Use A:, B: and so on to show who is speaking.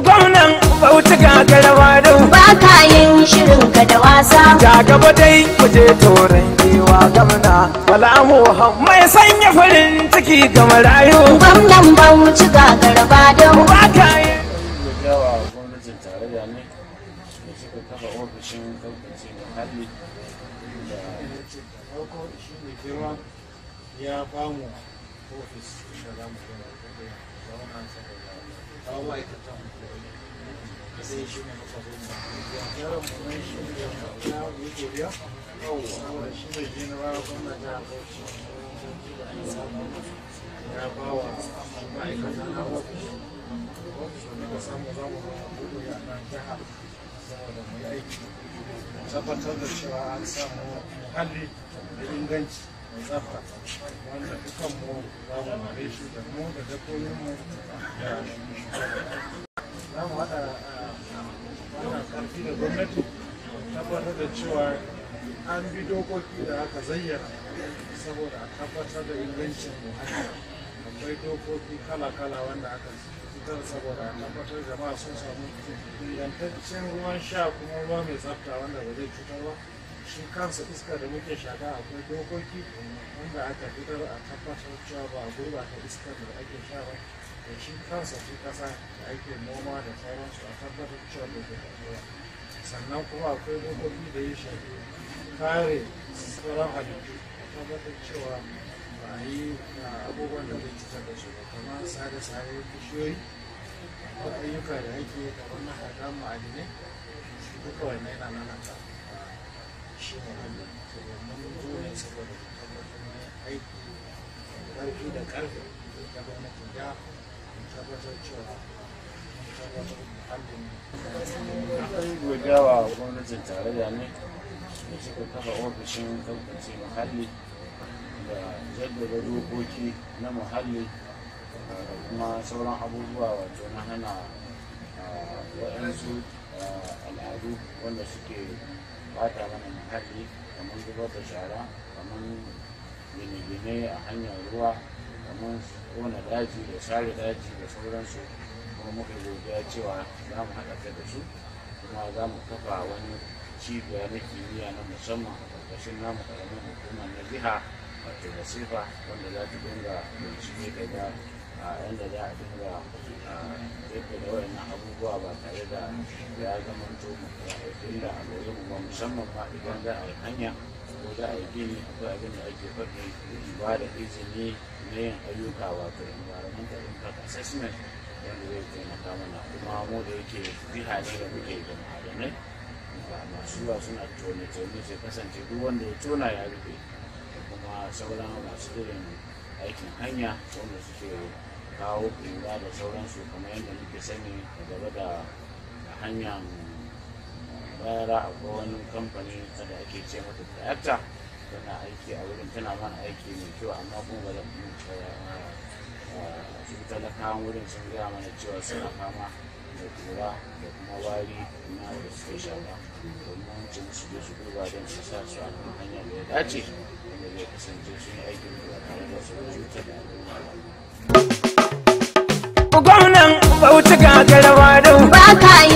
A: gwamnan bauchi ga garabaru ba ka yin shirin ka da wasa ja gaba dai kuje toren giwa gamna wala muhammad mai sanya farin ciki ga marayu gwamnan bautuka ga ba ka yin da suka kafa ofishin tsaftace da farko ya bamu kawo ma'aikatan shi ne muka zo ne yaron mu ne shi ne
B: ya ma'aikata na ofis ofis da muka samu za mu ya jiha mu yi aiki tabbatar da cewa an samu muhalli da inganci mai tsafta wanda dukan mu za mu mare shi da mu da dabbobin mu za mu haɗa wannan ƙarfi da gwamnati tabbatar da cewa an bi dokoki da aka zayyana saboda a tabbatar da ingancin muhalli akwai dokoki kala-kala wanda aka fitar saboda a tabbatar jama'a sun samu ingantaccen ruwan sha kuma ruwa mai tsafta wanda ba zai cutar ba shi kansa iska da muke shaka akwai dokoki wanda aka fitar a tabbatar cewa ba ta iskar da ake sha ba da shi kansa shi kasa da ake noma da sauransu a tabbatar cewa da ke sannan kuma akwai dokoki da ya shafi kare sauran halittu a tabbatar cewa ba a yi abubuwan da zai cutar da su ba kamar sare-sare bishiyoyi ayyuka da ake kamar na haɗa ma'adinai duka wannan yana lalata shi ne Allah saboda da da da
A: gwamnatin tarayya da ofishin muhalli da jaddada dokoki na muhalli da kuma sauran abubuwa wato na hana waɗansu al'adu wanda suke bata mana muhalli kamar zubar da shara kamar gine-gine a hanyar ruwa kamar kona daji da sare daji da sauransu kuma muka godiya cewa za mu haɗa da su kuma za mu kafa wani cibiya na kimiyya na musamman a ƙarƙashin namu ƙaramin hukumar na jiha wato da sifa wanda za ta dinga bincike daga yadda za a dinga yadda da wayannan abubuwa ba tare da ya zama to illa a gare ba musamman ma idan za a yi hanya ko za a yi gini akwai abin da ake faɗi ba da izini na yin ayyuka wato environmental impact assessment wanda zai taimaka mana kuma mu da yake jiha ne da muke da ma'adanai ba masu ba suna tone tone sai kasance duk wanda ya tona ya rufe kuma sauran masu irin aikin hanya wanda suke kawo kuma da sauransu kamar yadda muke sani a gaba da hanyar bayara akwai wani kamfani da ake ce mata tayata tana aiki a wurin tana mana aiki mai kyau amma kuma ba eh, su talakawan wurin sun gaya mana cewa suna kama da kura da kuma wari na da suke shafa hukuncin su je su duba don su sa su a kan hanyar da ya dace wanda zai kasance sun yi aikin da tare da su cutar da al'umma ba.
B: Gwamnan Bauchi Ba ka yi.